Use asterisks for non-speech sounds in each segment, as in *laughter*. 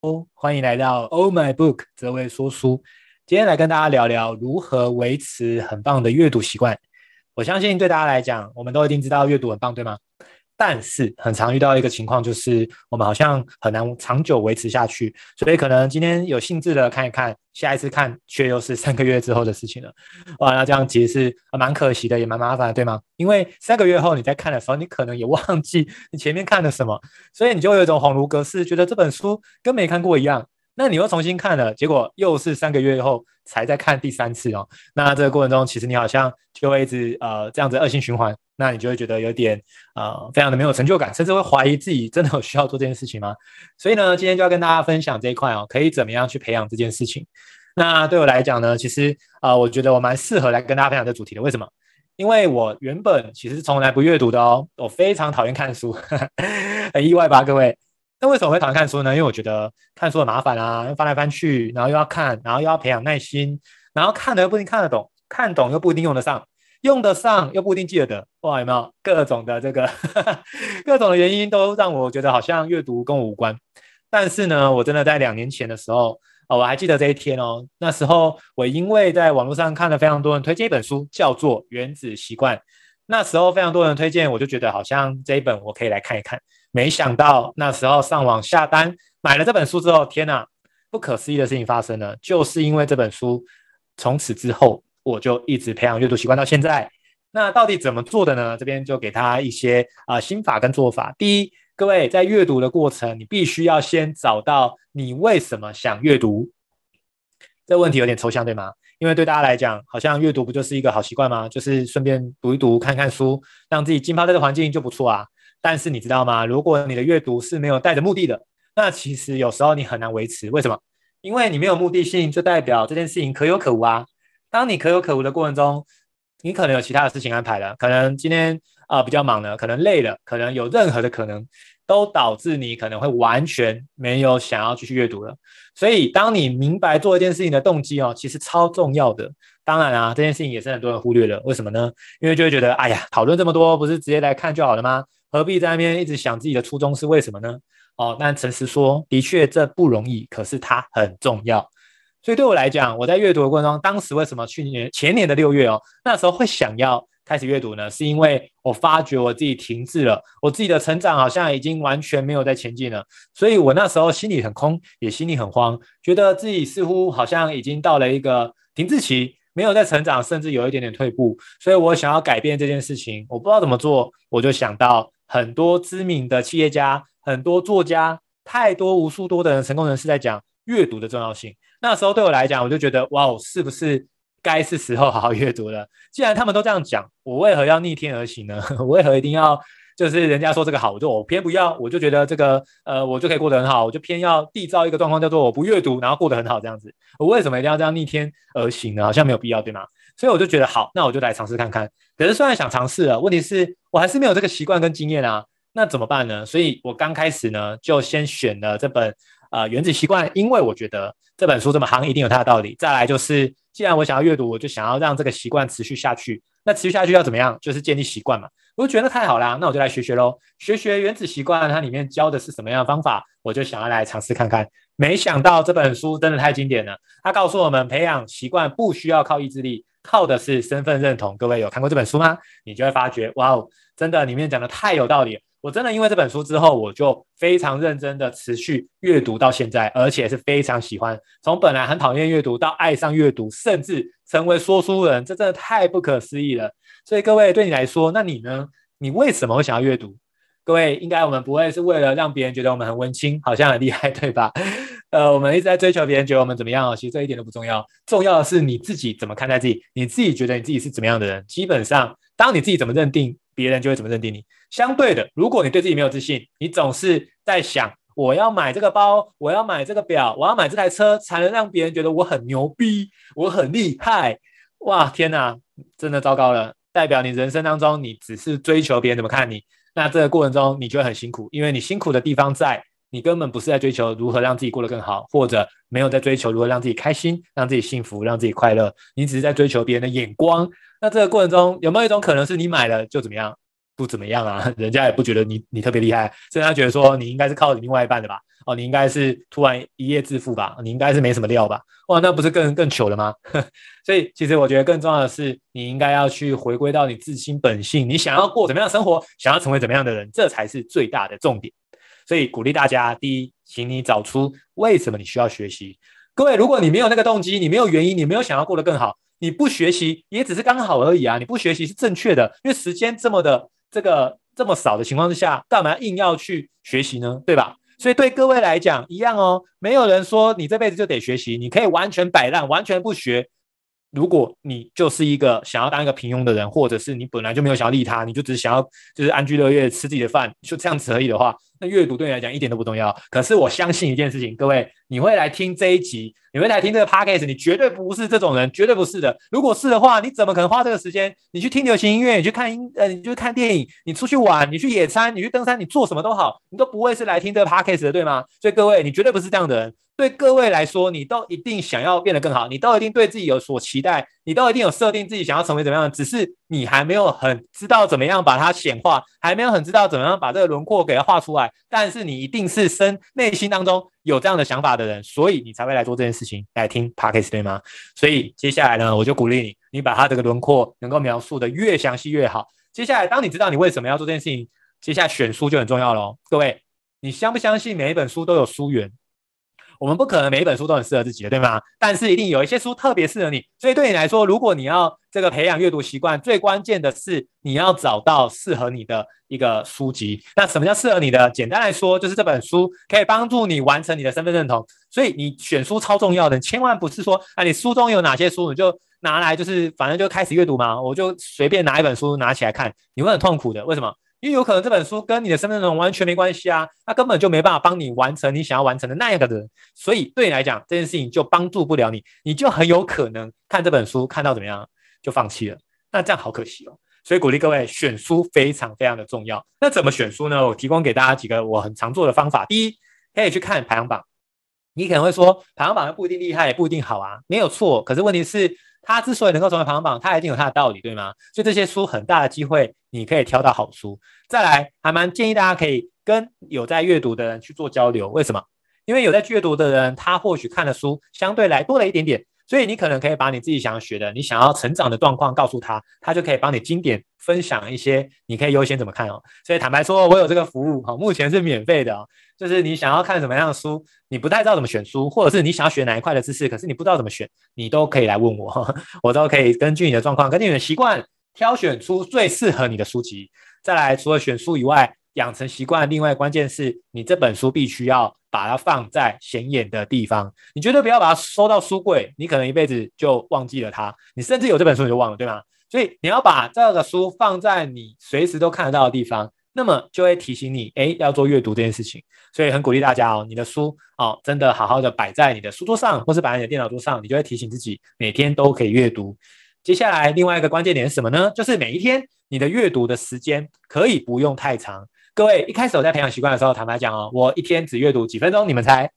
哦，歡迎來到 Oh My Book，哲維說書。今天來跟大家聊聊如何維持很棒的閱讀習慣。我相信對大家來講，我們都一定知道閱讀很棒，對嗎？但是很常遇到一個情況，就是我們好像很難長久維持下去，所以可能今天有興致的看一看，下一次看卻又是三個月之後的事情了。哇，那這樣其實是蠻可惜的，也蠻麻煩的，對嗎？因為三個月後你在看的時候，你可能也忘記你前面看了什麼，所以你就會有一種恍如隔世，覺得這本書跟沒看過一樣。那你又重新看了，結果又是三個月後才再看第三次哦。那這個過程中，其實你好像就會一直呃這樣子惡性循環。那你就會覺得有點啊、呃，非常的沒有成就感，甚至會懷疑自己真的有需要做這件事情嗎？所以呢，今天就要跟大家分享這一塊哦，可以怎麼樣去培養這件事情？那對我來講呢，其實啊、呃，我覺得我蠻適合來跟大家分享這主題的。為什麼？因為我原本其實是從來不閱讀的哦，我非常討厭看書，呵呵，很意外吧，各位？那為什麼會討厭看書呢？因為我覺得看書很麻煩啊，又翻來翻去，然後又要看，然後又要培養耐心，然後看的又不一定看得懂，看懂又不一定用得上，用得上又不一定記得的，哇，有沒有，各種的這個，呵呵，各種的原因都讓我覺得好像閱讀跟我無關。但是呢，我真的在兩年前的時候，哦，我還記得這一天哦。那時候我因為在網絡上看了非常多人推薦一本書，叫做《原子習慣》。那時候非常多人推薦，我就覺得好像這一本我可以來看一看。沒想到那時候上網下單買了這本書之後，天哪、啊，不可思議的事情發生了，就是因為這本書，從此之後。我就一直培養閱讀習慣到現在。那到底怎麼做的呢？這邊就給他一些啊、呃、心法跟做法。第一，各位在閱讀的過程，你必須要先找到你為什麼想閱讀。這問題有點抽象，對嗎？因為對大家來講，好像閱讀不就是一個好習慣嗎？就是順便讀一讀，看看書，讓自己浸泡在這個環境就不錯啊。但是你知道嗎？如果你的閱讀是沒有帶着目的的，那其實有時候你很難維持。為什麼？因為你沒有目的性，就代表這件事情可有可無啊。當你可有可無的過程中，你可能有其他的事情安排了，可能今天啊、呃、比較忙了，可能累了，可能有任何的可能，都導致你可能會完全沒有想要繼續閱讀了。所以，當你明白做一件事情的動機哦，其實超重要的。當然啊，這件事情也是很多人忽略了，為什麼呢？因為就會覺得，哎呀，討論這麼多，不是直接來看就好了嗎？何必在那邊一直想自己的初衷是為什麼呢？哦，但誠實說，的確這不容易，可是它很重要。所以對我來講，我在閱讀的過程中，當時為什麼去年前年的六月哦，那時候會想要開始閱讀呢？是因為我發覺我自己停滯了，我自己的成長好像已經完全沒有在前進了。所以我那時候心裡很空，也心裡很慌，覺得自己似乎好像已經到了一個停滯期，沒有在成長，甚至有一點點退步。所以我想要改變這件事情，我不知道怎麼做，我就想到很多知名的企業家、很多作家，太多無數多的成功人士在講。閱讀的重要性，那時候對我來講，我就覺得，哇哦，是不是該是時候好好閱讀了？既然他們都這樣講，我為何要逆天而行呢？我為何一定要就是人家說這個好，我就我偏不要？我就覺得這個，呃，我就可以過得很好，我就偏要締造一個狀況，叫做我不閱讀，然後過得很好這樣子。我為什麼一定要這樣逆天而行呢？好像沒有必要，對嗎？所以我就覺得好，那我就來嘗試看看。可是雖然想嘗試了，問題是我還是沒有這個習慣跟經驗啊，那怎麼辦呢？所以我剛開始呢，就先選了這本。呃，原子習慣，因為我覺得這本書這麼行，一定有它的道理。再來就是，既然我想要閱讀，我就想要讓這個習慣持續下去。那持續下去要怎麼樣？就是建立習慣嘛。我就覺得太好啦，那我就來學學咯。學學原子習慣，它裡面教的是什麼樣的方法？我就想要來嘗試看看。沒想到這本書真的太經典了，它告訴我們培養習慣不需要靠意志力，靠的是身份認同。各位有看過這本書嗎？你就會發覺，哇哦，真的裡面講的太有道理。我真的因為這本書之後，我就非常認真的持續閱讀到現在，而且是非常喜歡。從本來很討厭閱讀到愛上閱讀，甚至成為說書人，這真的太不可思議了。所以各位，對你來說，那你呢？你為什麼會想要閱讀？各位，應該我們不會是為了讓別人覺得我們很文青，好像很厲害，對吧？呃，我們一直在追求別人覺得我們怎麼樣？其實這一點都不重要，重要的是你自己怎麼看待自己，你自己覺得你自己是怎麼樣的人？基本上，當你自己怎麼認定。別人就會怎麼認定你。相對的，如果你對自己沒有自信，你總是在想，我要買這個包，我要買這個錶，我要買這台車，才能讓別人覺得我很牛逼，我很厲害。哇，天哪，真的糟糕了！代表你人生當中，你只是追求別人怎麼看你。那這個過程中，你就會很辛苦，因為你辛苦的地方在。你根本不是在追求如何讓自己過得更好，或者沒有在追求如何讓自己開心、讓自己幸福、讓自己快樂。你只是在追求別人的眼光。那這個過程中，有沒有一種可能是你買了就怎麼樣，不怎麼樣啊？人家也不覺得你你特別厲害，甚至他覺得說你應該是靠你另外一半的吧？哦，你應該是突然一夜致富吧？你應該是沒什麼料吧？哇，那不是更更糗了嗎？呵，所以，其實我覺得更重要的是，你應該要去回歸到你自心本性，你想要過怎麼樣的生活，想要成為怎麼樣的人，這才是最大的重點。所以鼓勵大家，第一，請你找出為什麼你需要學習。各位，如果你沒有那個動機，你沒有原因，你沒有想要過得更好，你不學習也只是剛好而已啊！你不學習是正確的，因為時間這麼的這個這麼少的情況之下，幹嘛硬要去學習呢？對吧？所以對各位來講一樣哦，沒有人說你這輩子就得學習，你可以完全擺爛，完全不學。如果你就是一個想要當一個平庸的人，或者是你本來就沒有想要利他，你就只想要就是安居樂業，吃自己的飯，就這樣子而已的話，那閱讀對你來講一點都不重要。可是我相信一件事情，各位，你會來聽這一集，你會來聽這個 podcast，你絕對不是這種人，絕對不是的。如果是的話，你怎麼可能花這個時間？你去聽流行音樂，你去看音呃，你去看電影，你出去玩，你去野餐，你去登山，你做什麼都好，你都不會是來聽這個 podcast 的，對嗎？所以各位，你絕對不是這樣的人。對各位來說，你都一定想要變得更好，你都一定對自己有所期待，你都一定有設定自己想要成為怎麼樣的。只是你還沒有很知道怎麼樣把它顯化，還沒有很知道怎麼樣把這個輪廓給它畫出來。但是你一定是深內心當中有這樣的想法的人，所以你才會來做這件事情，來聽 Podcast 對嗎？所以接下來呢，我就鼓勵你，你把它這個輪廓能夠描述得越詳細越好。接下來，當你知道你為什麼要做這件事情，接下來選書就很重要嘍。各位，你相不相信每一本書都有書源？我們不可能每一本書都很適合自己的，對嗎？但是一定有一些書特別適合你，所以對你來說，如果你要這個培養閱讀習慣，最關鍵的是你要找到適合你的一個書籍。那什麼叫適合你的？簡單來說，就是這本書可以幫助你完成你的身份認同。所以你選書超重要的，你千萬不是說啊，你書中有哪些書，你就拿來就是反正就開始閱讀嘛，我就隨便拿一本書拿起來看，你會很痛苦的。為什麼？因為有可能這本書跟你的身份證完全沒關係啊，那根本就沒辦法幫你完成你想要完成的那樣的人。所以對你來講這件事情就幫助不了你，你就很有可能看這本書看到怎麼樣就放棄了，那這樣好可惜哦。所以鼓勵各位選書非常非常的重要。那怎麼選書呢？我提供給大家幾個我很常做的方法。第一，可以去看排行榜。你可能會說排行榜不一定厲害，也不一定好啊，沒有錯。可是問題是，他之所以能夠成為排行榜，他一定有他的道理，對嗎？所以這些書很大的機會，你可以挑到好書。再來，還蠻建議大家可以跟有在閱讀的人去做交流。為什麼？因為有在閱讀的人，他或許看的書相對來多了一點點。所以你可能可以把你自己想要學的、你想要成長的狀況告訴他，他就可以幫你經典分享一些，你可以優先怎麼看哦。所以坦白說，我有這個服務哈，目前是免費的哦。就是你想要看什麼樣的書，你不太知道怎麼選書，或者是你想要學哪一塊的知識，可是你不知道怎麼選，你都可以來問我，我都可以根據你的狀況、跟你的習慣，挑選出最適合你的書籍。再來，除了選書以外，養成習慣，另外關鍵是你這本書必須要把它放在顯眼的地方，你絕對不要把它收到書櫃，你可能一輩子就忘記了它，你甚至有這本書你就忘了，對嗎？所以你要把這個書放在你隨時都看得到的地方，那麼就會提醒你，哎，要做閱讀這件事情。所以很鼓勵大家哦，你的書哦，真的好好的擺在你的書桌上，或是擺在你的電腦桌上，你就會提醒自己每天都可以閱讀。接下來另外一個關鍵點是什麼呢？就是每一天你的閱讀的時間可以不用太長。各位，一開始我在培養習慣的時候，坦白講哦，我一天只閱讀幾分鐘。你們猜？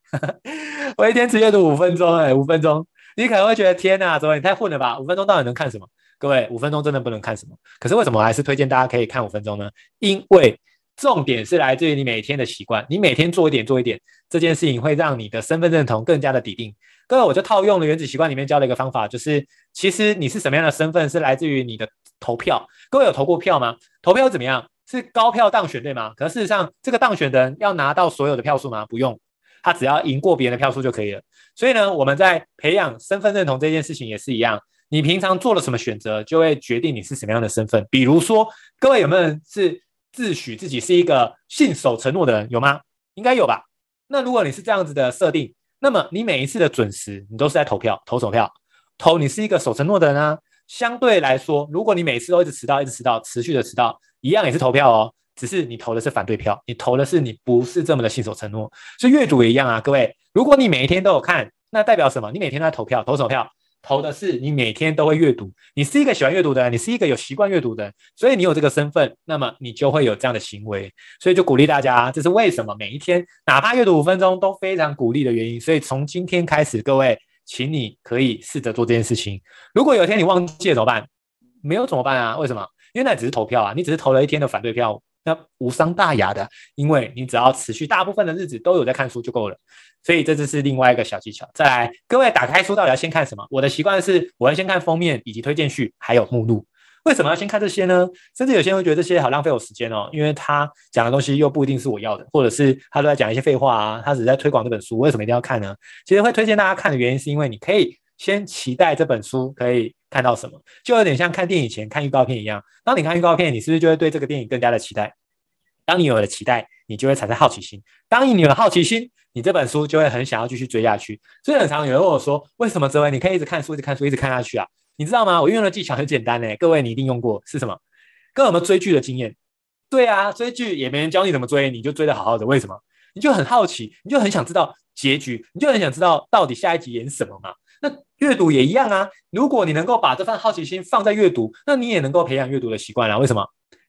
*laughs* 我一天只閱讀五分鐘、欸，哎，五分鐘。你可能會覺得天吶、啊，各位，你太混了吧？五分鐘到底能看什麼？各位，五分鐘真的不能看什麼。可是為什麼還是推薦大家可以看五分鐘呢？因為重點是來自於你每天的習慣，你每天做一點做一點，這件事情會讓你的身份認同更加的篤定。各位，我就套用了原子習慣裡面教的一個方法，就是其實你是什麼樣的身份是來自於你的投票。各位有投過票嗎？投票怎麼樣？是高票當選對嗎？可事實上，這個當選的人要拿到所有的票數嗎？不用，他只要贏過別人的票數就可以了。所以呢，我們在培養身份認同這件事情也是一樣，你平常做了什麼選擇，就會決定你是什麼樣的身份。比如說，各位有沒有人是自詡自己是一個信守承諾的人？有嗎？應該有吧。那如果你是這樣子的設定，那麼你每一次的準時，你都是在投票，投什麼票？投你是一個守承諾的人啊。相對來說，如果你每次都一直遲到，一直遲到，持續的遲到。一樣也是投票哦，只是你投的是反對票，你投的是你不是這麼的信守承諾。所以閱讀也一樣啊，各位，如果你每一天都有看，那代表什麼？你每天都在投票，投什麼票？投的是你每天都會閱讀，你是一個喜歡閱讀的人，你是一個有習慣閱讀的人，所以你有這個身份，那麼你就會有這樣的行為。所以就鼓勵大家啊，這是為什麼每一天哪怕閱讀五分鐘都非常鼓勵的原因。所以從今天開始，各位，請你可以試着做這件事情。如果有一天你忘記了怎麼辦？沒有怎麼辦啊？為什麼？因為那你只是投票啊，你只是投了一天的反對票，那無傷大雅的。因為你只要持續大部分的日子都有在看書就夠了，所以這就是另外一個小技巧。再來，各位打開書到底要先看什麼？我的習慣是我要先看封面、以及推薦序還有目錄。為什麼要先看這些呢？甚至有些人會覺得這些好浪費我時間哦，因為他講的東西又不一定是我要的，或者是他都在講一些廢話啊，他只是在推廣這本書，為什麼一定要看呢？其實會推薦大家看的原因是因為你可以先期待這本書可以。看到什麼，就有點像看電影前看預告片一樣。當你看預告片，你是不是就會對這個電影更加的期待？當你有了期待，你就會產生好奇心。當你有了好奇心，你這本書就會很想要繼續追下去。所以，很常有人問我說：“為什麼，哲維，你可以一直看書、一直看書、一直看下去啊？”你知道嗎？我運用的技巧很簡單呢、欸。各位，你一定用過是什麼？跟我們追劇的經驗？對啊，追劇也沒人教你怎麼追，你就追得好好的。為什麼？你就很好奇，你就很想知道結局，你就很想知道到底下一集演什麼嘛？那閱讀也一樣啊，如果你能夠把這份好奇心放在閱讀，那你也能夠培養閱讀的習慣啦。為什麼？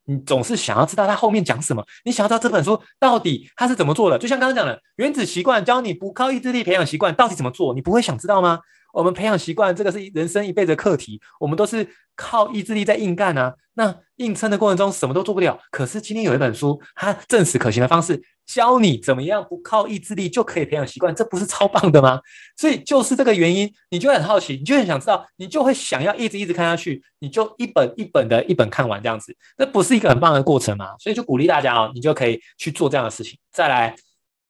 你總是想要知道它後面講什麼，你想要知道這本書到底它是怎麼做的？就像剛剛講的《原子習慣》，教你不靠意志力培養習慣，到底怎麼做？你不會想知道嗎？我們培養習慣這個是人生一輩子的課題，我們都是靠意志力在硬幹啊，那硬撐的過程中什麼都做不了。可是今天有一本書，它證實可行的方式。教你怎麼樣不靠意志力就可以培養習慣，這不是超棒的嗎？所以就是這個原因，你就很好奇，你就很想知道，你就會想要一直一直看下去，你就一本一本的一本看完這樣子，這不是一個很棒的過程嗎？所以就鼓勵大家哦，你就可以去做這樣的事情。再來，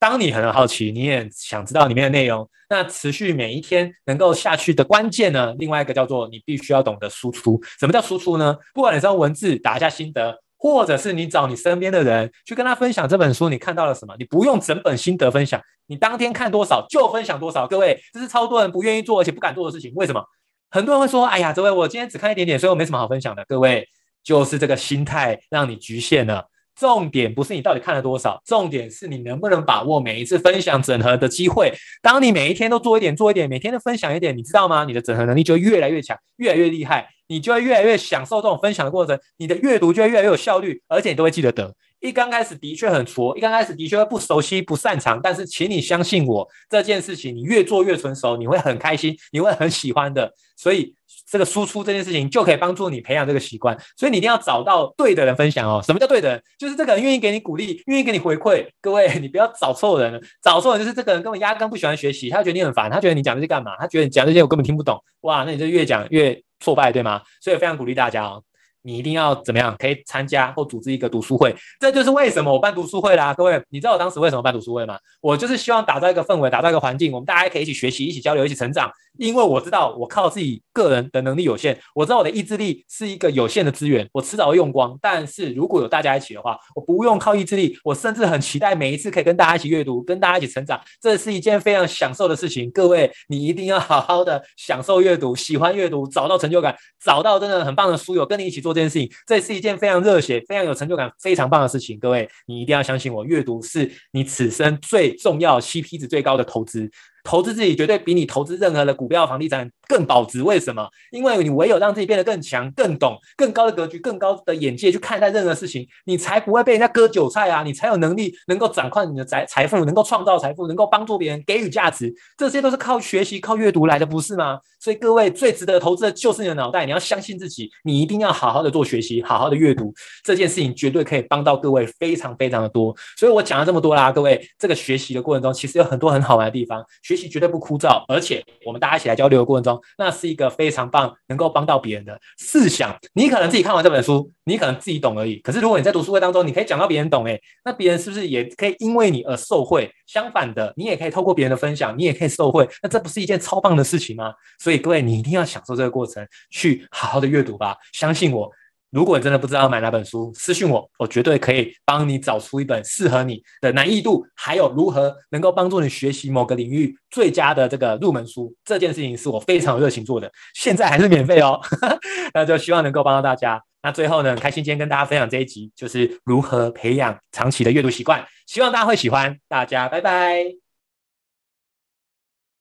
當你很好奇，你也想知道裡面的內容，那持續每一天能夠下去的關鍵呢？另外一個叫做你必須要懂得輸出。什麼叫輸出呢？不管你是要文字，打一下心得。或者是你找你身邊的人去跟他分享這本書，你看到了什麼？你不用整本心得分享，你當天看多少就分享多少。各位，這是超多人不願意做而且不敢做的事情。為什麼？很多人會說：“哎呀，這位，我今天只看一點點，所以我沒什麼好分享的。”各位，就是這個心態讓你局限了。重點不是你到底看了多少，重點是你能不能把握每一次分享整合的機會。當你每一天都做一點做一點，每天都分享一點，你知道嗎？你的整合能力就越來越強，越來越厲害。你就會越來越享受這種分享的過程，你的閱讀就會越來越有效率，而且你都會記得得。一剛開始的確很挫，一剛開始的確會不熟悉、不擅長。但是，請你相信我，這件事情你越做越純熟，你會很開心，你會很喜歡的。所以，這個輸出這件事情就可以幫助你培養這個習慣。所以，你一定要找到對的人分享哦。什麼叫對的人？就是這個人願意給你鼓勵，願意給你回饋。各位，你不要找錯人了。找錯人就是這個人根本壓根不喜歡學習，他覺得你很煩，他覺得你講這些幹嘛？他覺得你講這些我根本聽不懂。哇，那你就越講越。挫敗對嗎？所以我非常鼓勵大家哦，你一定要怎麼樣？可以參加或組織一個讀書會，這就是為什麼我辦讀書會啦啊。各位，你知道我當時為什麼辦讀書會嗎？我就是希望打造一個氛圍，打造一個環境，我們大家可以一起學習，一起交流，一起成長。因為我知道，我靠自己個人的能力有限，我知道我的意志力是一個有限的資源，我遲早會用光。但是如果有大家一起的話，我不用靠意志力，我甚至很期待每一次可以跟大家一起閱讀，跟大家一起成長。這是一件非常享受的事情。各位，你一定要好好的享受閱讀，喜歡閱讀，找到成就感，找到真的很棒的書友跟你一起做這件事情，這是一件非常熱血、非常有成就感、非常棒的事情。各位，你一定要相信我，閱讀是你此生最重要，CP 值最高的投資。投資自己絕對比你投資任何的股票、房地產更保值。為什麼？因為你唯有讓自己變得更強、更懂、更高的格局、更高的眼界，去看待任何事情，你才不會被人家割韭菜啊！你才有能力能夠掌控你的財財富，能夠創造財富，能夠幫助別人給予價值。這些都是靠學習、靠閱讀來的，不是嗎？所以各位最值得投資的就是你的腦袋。你要相信自己，你一定要好好的做學習，好好的閱讀。這件事情絕對可以幫到各位非常非常的多。所以我講了這麼多啦，各位這個學習的過程中，其實有很多很好玩的地方。學習絕對不枯燥，而且我們大家一起來交流的過程中，那是一個非常棒，能夠幫到別人的。試想，你可能自己看完這本書，你可能自己懂而已。可是如果你在讀書會當中，你可以講到別人懂、欸，誒，那別人是不是也可以因為你而受惠？相反的，你也可以透過別人的分享，你也可以受惠。那這不是一件超棒的事情嗎？所以各位，你一定要享受這個過程，去好好的閱讀吧。相信我。如果你真的不知道買哪本書，私信我，我絕對可以幫你找出一本適合你的難易度，還有如何能夠幫助你學習某個領域最佳的這個入門書。這件事情是我非常有熱情做的，現在還是免費哦。 *laughs* 那就希望能夠幫到大家。那最後呢，開心今天跟大家分享這一集，就是如何培養長期的閱讀習慣，希望大家會喜歡。大家拜拜。